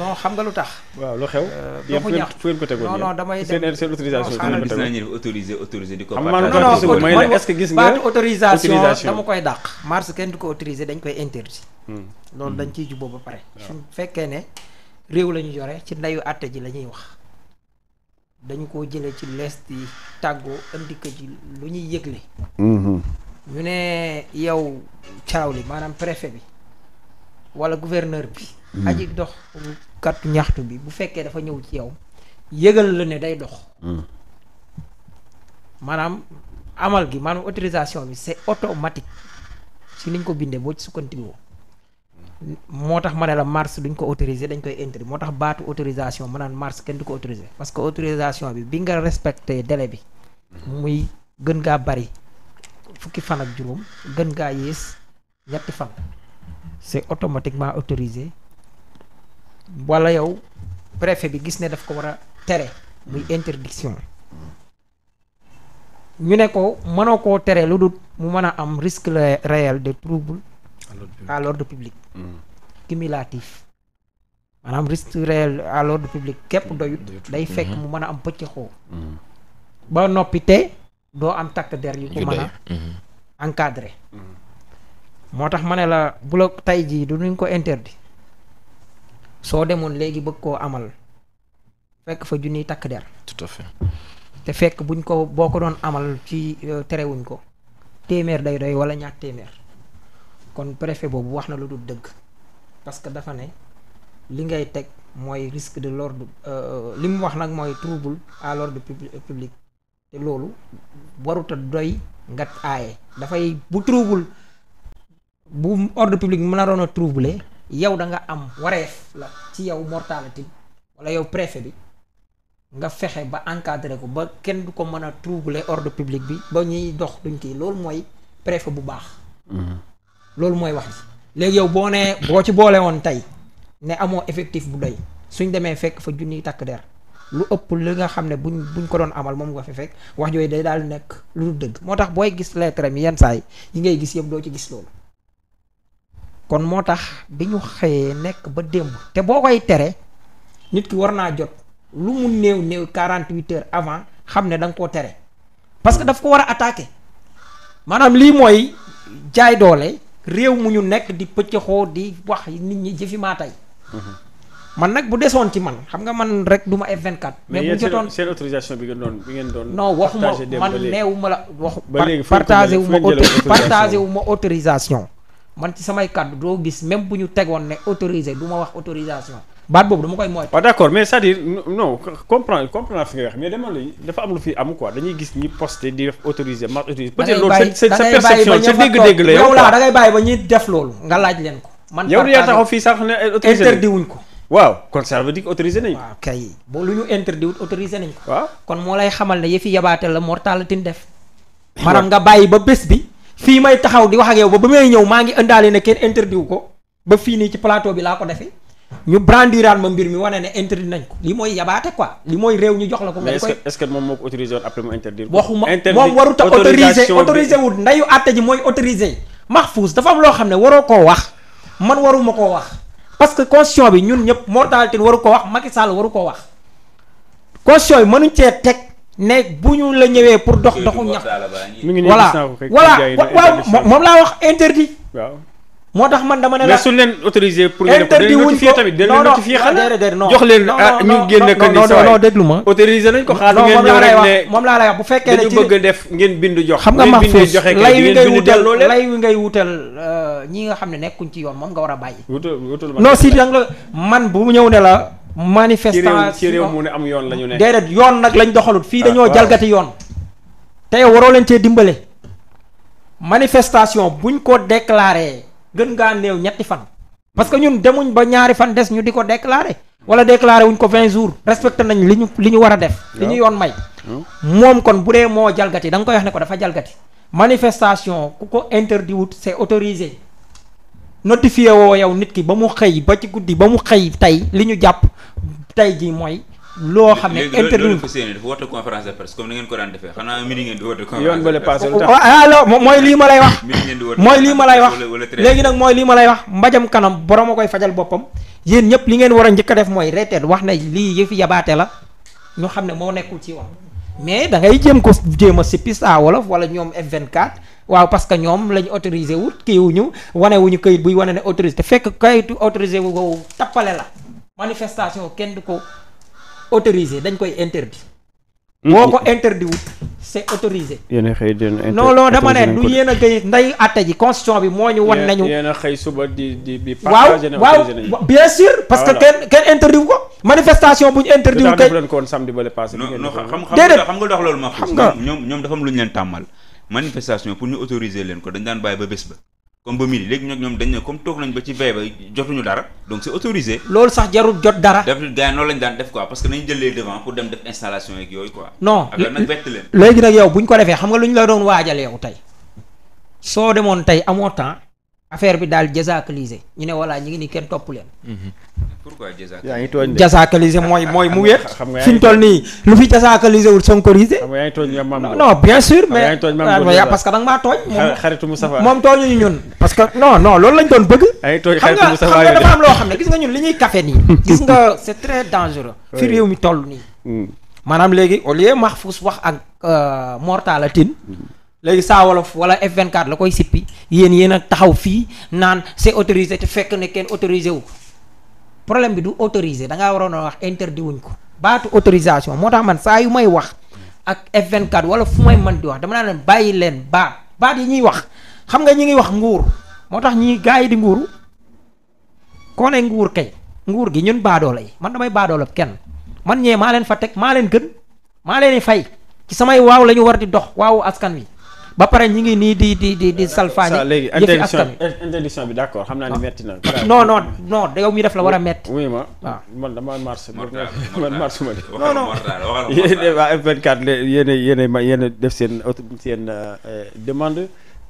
non xam nga lu tax. waaw lu xew. Euh, yéen fu ngeen ko tegoon non non damay dem seen autorisation. non gis naa ñu autorisé di ko. xam nga man est-ce que dama koy dàq. mars kenn di ko autorisé dañ koy interdit. Hmm. loolu dañ hmm. ciy juboo ba pare. su fekkee ne réew lañu ñu ci ndeyu àtte ji la ñuy wax. dañu ko jëlee ci lees yi tàggoo indi ko ci lu ñuy yëgle. Hmm. ñu ne yow caaw li maanaam préfet bi wala gouverneur bi. Mm-hmm. aji dox kat ñaxtu bi bu fekkee dafa ñëw ci yow yëgal la ne day dox mm. maanaam amal gi maanaam autorisation bi c'est automatique si niñ ko bindee boo ci sukkantikoo moo tax ma ne la mars duñ ko autorisé dañ koy interdit moo tax baatu autorisation ma naan mars kenn du ko autorisé parce que autorisation bi bi nga respecté délai bi muy gën ngaa bari fukki fan ak juróom gën ngaa yées ñetti fan c'est automatiquement autorisé wala yow préfet bi gis ne daf ko war a tere muy interdiction ñu ne ko mënoo ko tere lu dul mu mën a am risque réel de trouble à l'ordre public hmm. cumulatif maanaam risque réel à l'ordre public képp hmm. doyut day hmm. fekk mu mën a am pëccëxoo ba noppi te doo am takk der yu ko mën a encadré moo tax ma ne la bu la tey jii du nuñ ko interdi soo demoon léegi bëgg koo amal fekk fa junniy takk der. te fekk buñ ko boo ko doon amal ci euh, terewuñ ko téeméer day doy wala ñaar téeméer kon préfet boobu wax na lu dul dëgg parce que dafa ne li ngay teg mooy risque de l'ordre euh, li mu wax nag mooy trouble à l'ordre publique euh, te loolu waruta doy nga aaye dafay bu trouble bu ordre public mën a doon a troubler yow da nga am wareef la ci yow mortalité wala yow préfet bi nga fexe ba encadré ko ba kenn du ko mën a troubler ordre public bi ba ñuy dox duñ kii loolu mooy préfet bu baax. Mm-hmm. loolu mooy wax ji. léegi yow boo nee boo ci boole woon tey ne amoo effectif bu dey suñ demee fekk fa junniy takk der lu ëpp li nga xam ne buñ buñ ko doon amal moom nga fekk wax jooyu day daal nekk lu dul dëgg moo tax booy gis lettre mi yenn saa yi ngay gis yëpp doo ci gis loolu. kon moo tax bi ñu xëyee nekk ba démb te boo koy tere nit ki war naa jot lu mu néew néew 48 heures avant xam ne danga nga koo tere parce que daf ko war a attaqué maanaam lii mooy jaay doole réew mu ñu nekk di pëccëxoo di wax nit ñi jëfi maa tey mhm. man nag bu desoon ci man xam nga man rek du ma F24. mais bu jotoon seen autorisation bi ngeen doon bi ngeen doon. non waxuma man neewu ma la wax. ba léegi wu ma autorisation. man ci samay kàddu doo gis même bu ñu tegoon ne autorisé du ma wax autorisation baat boobu dama koy moytu. waaw ah, d'accord mais c'est-à-dire non comprendre comprendre fi dafa am lu fi am quoi dañuy gis ñi posté di def autorisé marque autorisé. peut bàyyi ba ñuy def loolu nga laaj leen ko. man yow yaa taxaw fii sax ne autorisé interdit wuñ waaw kon ça veut dire autorisé nañ waaw kay boo lu ñu interdit autorisé nañ ko. waaw kon moo lay xamal ne yëfi yabaate la mortalité def. maanaam nga bàyyi ba bés bi. fii may taxaw di wax ak yow ba ba may ñëw maa ngi indaale ne kenn interdit ko ba fii nii ci plateau bi laa ko defee ñu brandiraan ma mbir mi wane ne interdit nañ ko li mooy yabaate quoi li mooy réew ñu jox la ko. mais est moom moo ko autorisé ndeyu àtte ji mooy autorisé. Mahfouz dafa am loo xam ne waroo koo wax man waruma koo wax parce que bi ñun ñëpp Mor Tall Tine waru ko wax Macky Sall waru ko wax constitution bi mënuñ cee teg. ne bu ñu la ñëwee pour dox doxu ñax. mi ngi moom laa wax interdit. moo tax man dama ne la mais suñ leen autorisé pour ñu def notifié tamit dañ notifié ah, xanaa jox leen ah ñu génne moom laa lay wax bu fekkee ne ci def ngeen bind jox xam nga ma foos lay wi ngay wutal lay wi ngay wutal ñi nga xam ne nekkuñ ci yoon moom nga war a bàyyi non si danga man bu ñëw ne la manifestation ci réew mu ne am yoon la ñu nekk déedéet yoon nag lañ doxalut fii dañoo ah, jalgati yoon te waroo leen cee dimbale manifestation buñ ko déclaré gën ngaa néew ñetti fan parce que ñun demuñ ba ñaari fan des ñu di ko déclaré wala déclaré wuñ ko vingt jours respecté nañ li ñu li ñu war a def li ñu yoon may moom kon bu dee moo jalgati da nga koy wax ne ko dafa jalgati manifestation ku ko interdit wut c'est autorisé notifié woo yow nit ki ba mu xëy ba ci guddi ba mu xëy tey li ñu jàpp tey ji mooy. loo xam ne interview léegi loolu ko daan defee xanaa midi ngeen di woote. conférence de presse yoon ah, bële mooy lii ma lay wax. mooy lii ma lay wax léegi nag mooy lii ma lay wax mbajam kanam borom a koy fajal boppam yéen ñëpp li ngeen war a njëkk a def mooy reeteet wax na lii yëfi yabaate la ñu xam ne moo nekkul ci wax mais da ngay jéem ko jéem a sippi saa wolof wala ñoom F24. waaw parce que ñoom lañu autorisé wu kii wuñu wane wuñu kayit buy wane ne autorisé te fekk kayitu autorisé wu wow tappale la manifestation kenn du ko autorisé dañ koy interdit. Mm-hmm. boo ko interdit wut c'est autorisé. yéen a xëy non non dama ne du yéen nday àtte ji constitution bi moo ñu wan nañu. yéen a di di di. partagé na waaw waaw bien sûr. parce que ah, kenn kenn wu ko. manifestation bu ñu wu ko woon xam nga xam nga dox loolu ma. xam nga ñoom ñoom dafa am lu ñu leen tàmmal. manifestation pour ñu autoriser leen ko dañ daan bàyyi ba bés ba comme ba midi léegi ñoom ñoom dañ ne comme toog nañ ba ci veille ba jotuñu dara donc c'est autorisé. loolu sax jarul jot dara. def gars yi noonu lañ daan def quoi parce que nañu jël les devant pour dem def installation yeeg yooyu quoi. non ak nag bett leen. léegi nag yow bu ñu ko defee xam nga lu ñu la doon waajal yow tey soo demoon tey amoo temps affaire bi daal jasakalisé ñu ne voilà ñu ngi ni kenn topp leen. Mhm. pourquoi ngi tooñ de jasakalisé mooy mooy mu wéet. xam nga fi ñu toll nii lu fi jasakalisé wul sonkorisé. xam nga yaa ngi tooñ maam non bien sûr mais parce que da nga maa tooñ. xaritu Moustapha moom ñun. parce que non non loolu lañ doon bëgg. yaa ngi xam nga dafa loo xam ne gis nga ñun li ñuy café nii. gis nga c'est très dangereux. fi réew mi toll nii. Mm. maanaam léegi au lieu Mahfouz wax ak euh, Mortala Tine mm. léegi saa wolof wala F24 la koy sippi yéen yéen a taxaw fii naan c'est autorisé te fekk ne kenn autorisé wu problème bi du autorisé da waroon a wax interdit wuñ ko baatu autorisation moo tax man saa yu may wax ak F24 wala fu may mën di wax dama leen bàyyi leen baat baat yi ñuy wax xam nga ñu ngi wax nguur moo tax ñi gars yi di nguuru koo ne nguur kay nguur gi ñun baadoola yi man damay baadoola kenn man ñee maa leen fa teg maa leen gën maa leen fay ci samay waaw la ñu war di dox waawu askan wi. ba pare ñi ngi nii di di di di salfaani léegi interdiction interdiction bi d'accord xam naa ne ah. metti na non non non yow mi def la war a metti oui ma waaw ah. man dama mars man mars ma non non yéen waa F24 yéen yéen yéen def seen seen euh, euh, demande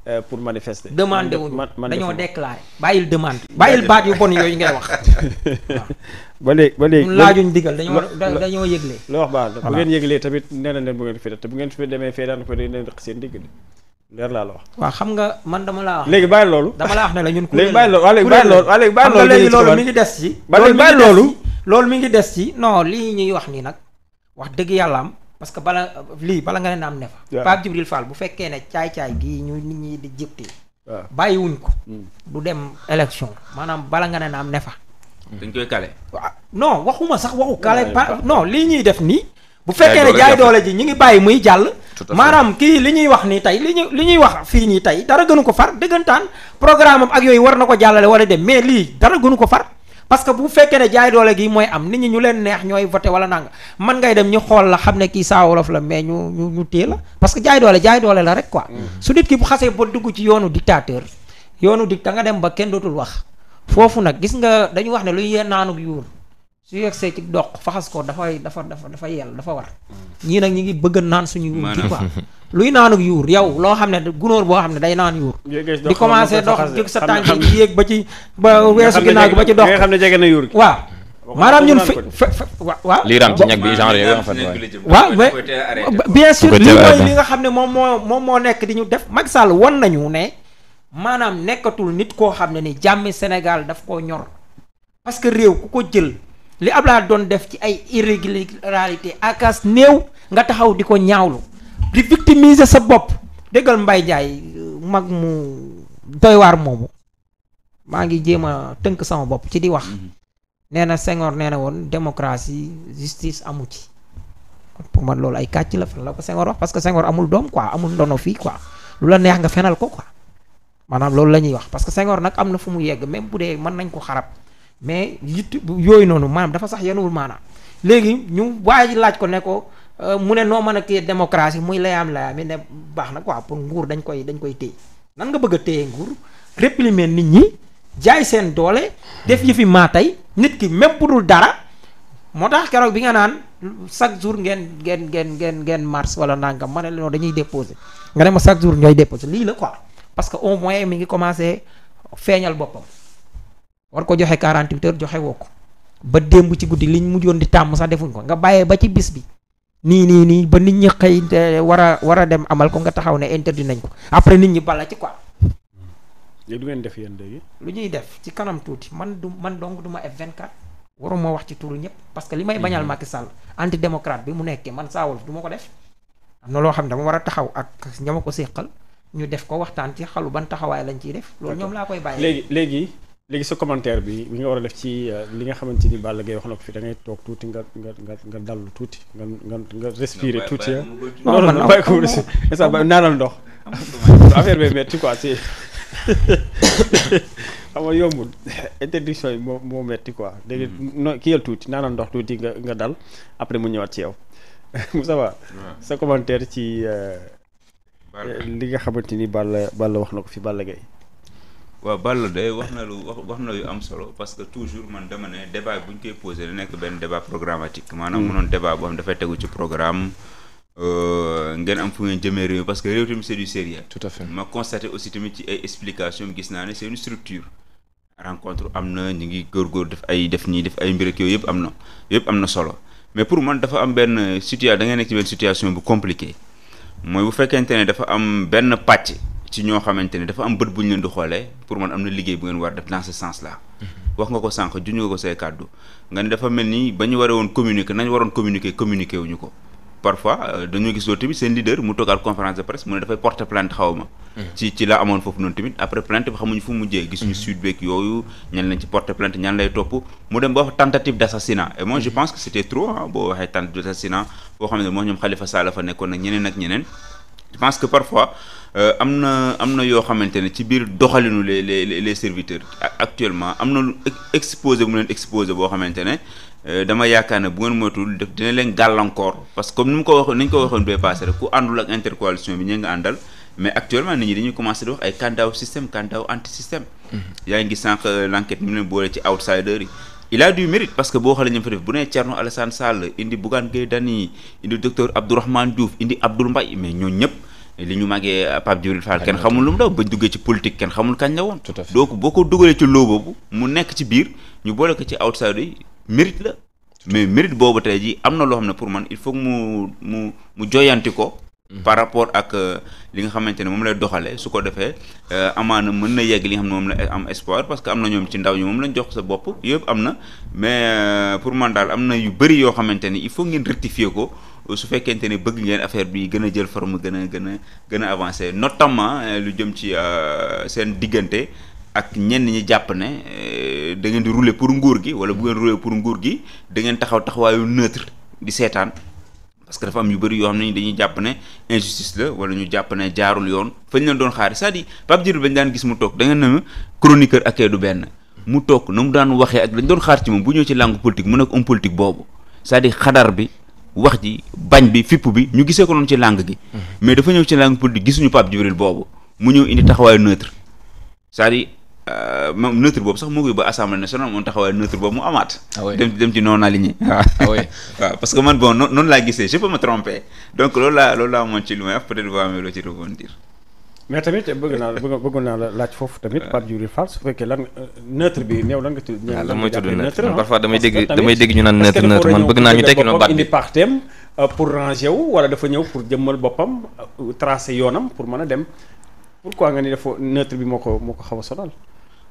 euh, pour manifester. demandé wuñu dañoo déclaré. bàyyil demande. bàyyil baat yu bon yooyu ngay wax. ba léegi ba léegi laajuñ digal dañoo dañoo yëgle. loo wax baax la bu ngeen yëglee tamit nee na leen bu ngeen fi def te bu ngeen fi demee fee daan ko dee leen seen digg. leer laa la wax. waaw xam nga man dama laa wax. léegi bàyyi loolu. dama laa wax ne la ñun. léegi bàyyi loolu waaw bàyyi loolu. waaw léegi bàyyi loolu loolu mi ngi des ci. loolu mi ngi des ci loolu lii ñuy wax nii nag wax dëgg yàlla am parce que bala lii bala nga ne am ne fa. Pape Djibril Fall bu fekkee ne caay-caay gi ñu nit ñi di jëptee. waaw bàyyiwuñ ko. Mm. du dem élection maanaam bala nga ne am ne fa. Mm. dañ koy kale. waaw non waxuma sax waxu kale. non lii ñuy def nii bu fekkee ne jaay doole ji ñu ngi bàyyi muy jàll maanaam kii li ñuy wax nii tey li ñu li ñuy wax fii nii tey dara gënu ko far dëggantaan programme ak yooyu war na ko jàllale wala de mais lii dara gënu ko far parce que bu fekkee ne jaay doole gi mooy am nit ñi ñu leen neex ñooy voté wala nanga man ngay dem ñu xool la xam ne kii saa wolof la mais ñu ñu ñu la parce que jaay doole jaay doole la rek ko mm. su nit ki bu xasee ba dugg ci yoonu dictateur yoonu dict da nga dem ba kenn dootul wax foofu nag gis nga dañu wax ne luy yee naanug yuur su yegsee ci doq faxas ko dafay dafa dafa dafa yell dafa war. ñii nag ñi ngi bëgg naan suñu. yuur ci quoi luy naanug yuur yow loo xam ne gunóor boo xam ne day naan yuur. di commencé dox jóg sa tànk yi yéeg ba ci ba weesu ginnaaw ba ci dox. xam ne jege na yuur gi waaw. maanaam ñun fi waaw. lii raam ci ñag bi genre yooyu en bien sûr lii mooy li nga xam ne moom moo moom moo nekk di ñu def Macky Sall won nañu ne maanaam nekkatul nit koo xam ne ni jàmmi Sénégal daf koo ñor parce que réew ku ko jël li Ablaye doon def ci ay irrégularité akas néew nga taxaw di ko ñaawlu di victimiser sa bopp déggal mbay jaay euh, mag mu doy moomu maa ngi jéem a tënk sama bopp ci di wax mhm. nee na Senghor nee na woon démocratie justice amu ci pour man loolu ay kàcc la fan la ko Senghor wax parce que Senghor amul doom quoi amul ndono fii quoi lu la neex nga fenal ko quoi maanaam loolu la ñuy wax parce que Senghor nag am na fu mu yegg même bu dee mën nañ ko xarab mais yitt yooyu noonu maanaam dafa sax yanuwul maanaam léegi ñu waa ji laaj ko ne ko euh, mu ne noo mën a téye démocratie muy layaam layaam yi ne baax na ko quoi pour nguur dañ koy dañ koy téye nan nga bëgg a téye nguur réprimer nit ñi jaay seen doole def yëfi maa tey nit ki même bu dul dara moo tax keroog bi nga naan chaque jour ngeen ngeen ngeen ngeen ngeen mars wala nangam ma ne la dañuy déposé nga ne ma chaque jour ñooy déposé lii la quoi parce que au moins mi ngi commencé feeñal boppam. war ko joxe 48 heures joxe woo ko ba démb ci guddi liñ mujjoon di tàmm sax defuñ ko nga bàyyee ba ci bis bi nii nii nii ba nit ñi xëy war a war a dem amal ko nga taxaw ne interdit nañ ko après nit ñi bala ci quoi. du ngeen def yéen léegi. lu ñuy def ci kanam tuuti man du man dong duma ma F24 waruma wax ci turu ñëpp parce que li may bañal mhm. Macky Sall anti démocrate bi mu nekkee man Saa duma ko def. am na loo xam ne dama war a taxaw ak ña ko séqal ñu def ko waxtaan ci xalu ban taxawaay lañ ciy def. loolu ñoom laa koy bàyyi léegi. léegi sa commentaire bi bi nga war a def ci euh, li nga xamante ni Balla wax na ko fi da toog tuuti nga nga nga nga dallu tuuti nga nga nga respirer tuuti ah. non non bàyyi ko bi metti quoi si xam yi moo moo metti quoi léegi hmm. no tuuti naanal ndox tuuti nga nga dal après mu ñëwaat ci yow Moussa Ba sa commentaire ci euh, li nga xamante ni Balla Balla wax na ko fi Balla Gaye waaw Balla de wax na lu wax wax na yu am solo parce que toujours man dama ne débat bu ñu koy posé da nekk benn débat programmatique maanaam hmm. mu noon débat boo xam dafay tegu ci programme euh, ngeen am fu ngeen jëmee réew parce que réew tamit c'est du sérieux tout à fait ma constaté aussi tamit ci ay explication gis naa ne c'est une structure rencontre am na ñu ngi góorgóor def ay def ñii def ay mbir ak yooyu yëpp am na yëpp am na solo mais pour man dafa am benn situation da ngay nekk ci benn situation bu compliquée mooy bu fekkente ne dafa am benn pàcc ci ñoo xamante ne dafa am bët bu ñu leen di xoole pour man am na liggéey bu ngeen war def dans sens là. Mhm. wax nga ko sànq juñu nga ko say kàddu nga ne dafa mel ni ba ñu waree woon communiquer nañ waroon communiquer communiquer wuñu ko parfois euh, dañoo gis loolu tamit seen leader mu toogaat conférence de presse mu ne dafay porter plainte xaw ma. Mhm. ci ci la amoon foofu noonu tamit après plainte bi xamuñu fu mujjee. gisuñu mhm. suite yooyu ñan lañ ci porter plainte ñan ne moo ñoom Khalifa Sall fa nekkoon nag ñeneen ak ñeneen Euh, am na am na yoo xamante ne ci biir doxalinu les les les serviteurs actuellement am na lu exposé mu leen exposé boo xamante ne euh, dama yaakaar ne bu ngeen moytuwul def dina leen gàllankoor parce que comme ni mu ko waxee ni ñu ko waxoon bee passé rek ku àndul ak intercoalition bi ñu nga àndal mais actuellement nit ñi dañuy commencé di wax ay kandaaw système kandaaw anti système. Mm-hmm. yaa ngi sànq euh, l'enquête mu leen boole ci outsider yi. il a du mérite parce que boo xoolee ñu fa def bu nee Thierno Alassane Sall indi Bougane Gueye Dany ñooñu ñëpp. li ñu màggee euh, Pape Djibril Fall kenn xamul lu mu daw bañ ci politique kenn xamul kañ la woon. donc boo ko dugalee mu nekk ci biir ñu boole ko ci outsider yi mérite la. mais mérite boobu tey jii am na loo xam pour man il faut mu mu mu joyanti ko. Mm-hmm. par rapport ak euh, li nga xamante ne moom lay doxalee su ko defee euh, amaana mën na yegg li xam ne moom la am espoir parce que am na ñoom ci ndaw ñi moom lañ jox sa bopp yëpp am na mais pour man daal am na yu bëri yoo xamante ne il faut ngeen rectifier ko. su fekkente ne bëgg ngeen affaire bi gën a jël forme gën a gën a gën a avancé notamment euh, lu jëm ci euh, seen diggante ak ñenn ñi jàpp ne euh, da ngeen di rouler pour nguur gi wala bu ngeen rouler pour nguur gi da ngeen taxaw taxawaayu neutre di seetaan parce que dafa am yu bëri yoo xam ne ni dañuy jàpp ne injustice la wala ñu jàpp ne jaarul yoon fañ leen doon xaar c'est-à-dire Pape Djibril daan gis mu toog da ngeen na chroniqueur ak du benn mu toog na mu daan waxee ak lañ doon xaar ci moom bu ñëw ci langue politique mu nekk boobu c'est-à-dire bi wax ji bañ bi fipp bi ñu gisee ko noonu ci langue gi. Mhm. mais dafa ñëw ci pour di gisuñu Pape Djibril boobu mu ñëw indi taxawaayu neutre c'est-à-dire euh, moom neutre boobu sax moo koy ba assemblée nationale moom taxawaayu neutre boobu mu amaat. Ah dem dem ci non aligné. waaw ah waaw parce que man bon noon laa gisee je peux me tromper donc loolu laa loolu laa moom ci lu may wax peut-être amee loo ci rebondir. mais tamit bëgg naa bëgg naa la laaj foofu tamit Pape Djibril Fall su fekkee lan neutre bi néew lan nga tudd. waaw lan ah, mooy tudd neutre parfois damay neutre man bëgg naa ñu tekki noonu euh, pour ranger wu wala dafa ñëw pour jëmmal boppam euh, tracer yoonam pour mën a dem pourquoi nga ni dafa neutre bi moo ko moo ko xaw a sonal.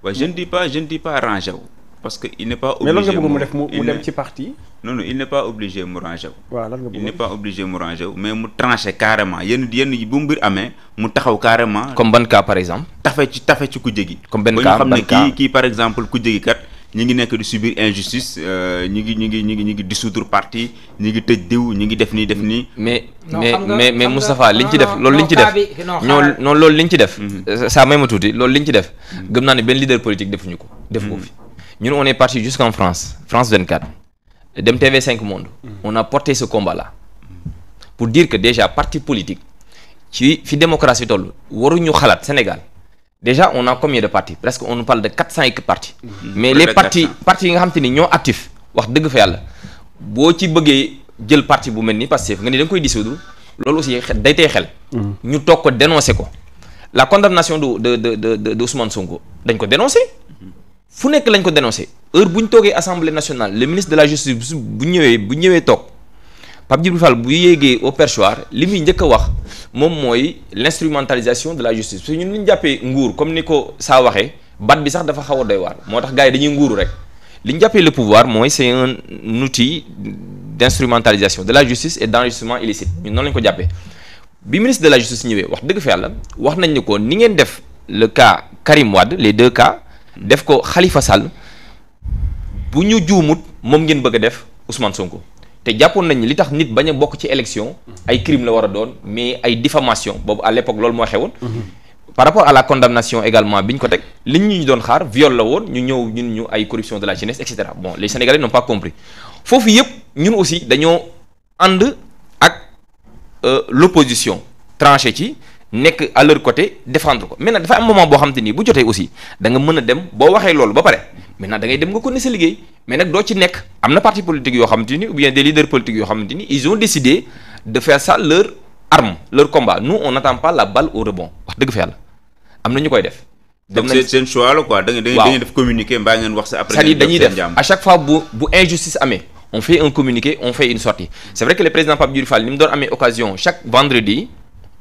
waaw je ne dis pas je ne dis pas ranger wu. parce que il n'est pas. obligé mu def parti. non non il n'est pas obligé mu rangé rangé wu mais mu tranché carrément yenn yenn yi bu mbir amee mu taxaw carrément. comme ban cas par exemple. tafe ci tafe ci ku jegi. comme benn cas ban cas ba ñu xam par exemple ku jegi kat. ñi ngi nekk di subir injustice euh, ñi ngi ñi ngi ñi ngi ñi ngi dissoudre parti ñi ngi tëj diw ñi ngi def nii def nii. mais mais mais mais Moustapha liñ ci def loolu liñ ci def ñoo noonu loolu liñ ci def. saa may ma tuuti loolu liñ ci def. Mm-hmm. gëm naa ne benn leader politique ñu ko def ko fi. ñun on est parti jusqu'en France France 24 dem TV 5 Monde. Mm. on a porté ce combat la pour dire que déjà parti politique ci fi démocratie toll waruñu xalaat Sénégal déjà on a combien de parti presque on nous parle de quatre cent et quelques partis. Mm-hmm. mais les parti partis yi nga xam te ni ñoo actif wax dëgg fa yàlla boo ci bëggee jël parti bu mel ni Pastef nga ni da koy dissoudre loolu aussi day tey xel. Mm-hmm. ñu toog ko dénoncer ko la condamnation de de de de de Ousmane Sonko dañ ko dénoncer. Mm-hmm. fu nekk lañ ko dénoncé heure bu ñu toogee assemblée nationale le ministre de la justice bu ñëwee bu ñëwee toog Pape Djibril Fall bu yéegee au perchoir li muy njëkk a wax moom mooy l'instrumentalisation de la justice parce ñun li ñu jàppee nguur comme ni ko saa waxee bat sax dafa xaw a doy waar moo tax gars yi dañuy nguuru rek li ñu jàppee le pouvoir mooy c'est un outil d'instrumentalisation de la justice et d'enrichissement illicite ñun noonu lañ ko jàppee bi ministre de la justice ñëwee wax dëgg fa yàlla wax nañ ni ko ni ngeen def le cas Karim Wade les deux cas def ko xalifa Sall bu ñu juumut moom ngeen bëgg a def Ousmane Sonko te jàppoon nañ li tax nit bañ a bokk ci élection ay crime la war doon mais ay diffamation boobu à l'époque loolu moo xewoon mhm. par rapport à la condamnation également bi ñu ko teg li ñu doon xaar viol la woon ñu ñëw ñun ñu ay corruption de la jeunesse et cetera bon les sénégalais n'ont pas compris foofu yëpp ñun aussi dañoo ànd ak euh, l'opposition tranché ci nekk à leur côté défendre ko maintenant dafa am moment boo xam te nii bu jotee aussi da mën a dem boo waxee loolu ba pare maintenant da dem nga ko nekk am na parti politique yoo xamante ni ou bien des leaders politiques yoo xamante ni ils ont décidé de faire ça leur arme leur combat nous on n'attend pas la balle au rebond wax dëgg fa yàlla am na ñu koy def. dem nañ seen choix la quoi da wax sa après. cest à def à chaque fois bu injustice amee. on fait un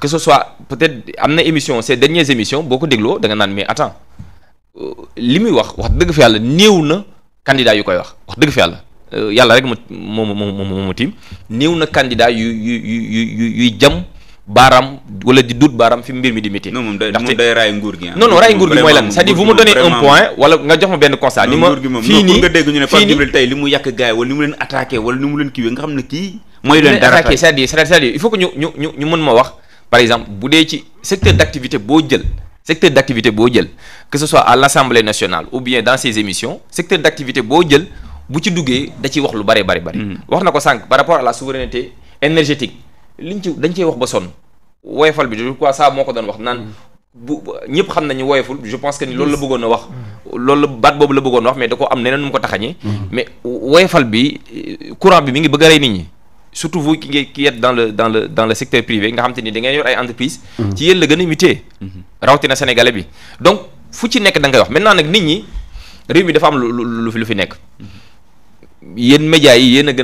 que ce soit peut-être am na émission ces dernières émission boo ko dégloo da nga naan mais attends euh, li muy wax wax dëgg fa yàlla néew na candidat yu koy wax wax dëgg fa yàlla euh, yàlla rek ma moom moom ma tiim néew na candidat yu yu yu yu yuy jam baaraam wala di duut baaraam fi mbir mi di métti. non moom ah. raay nguur gi mooy lan c'est-à-dire vous me donnez point wala nga jox ma benn constat. ni ma fii nii nga dégg li mu yàq gars yi wala ni mu leen attaqué wala ñu ñu mën ma wax par exemple bu dee ci secteur d'activité boo jël secteur d'activité boo jël que ce soit à l'Assemblée nationale ou bien dans ses émissions secteur d'activité boo jël bu ci duggee da ciy wax lu bari bari bari mm-hmm. wax na ko sànq par rapport à la souveraineté énergétique liñ ci dañ cey wax ba sonn woyefal bi je crois ça moo ko doon wax naan mm-hmm. bu ñëpp xam nañu woyeful je pense que ni loolu la bëggoon a wax mm-hmm. loolu la baat boobu la bëggoon a wax mais da am neneen nu mu ko taxañee mais woyefal bi courant bi mi ngi bëgg nit ñi surtout vous qui ki êtes dans le dans le dans le secteur privé nga xam te ni da ngeen yor ay entreprise mhm. ci yéen gën a muté mhm. rawatina sénégalais bi donc fu ci nekk da ngay wax maintenant nag nit ñi réew mi dafa am lu lu lu fi nekk mhm. yéen médias yi yéen a gën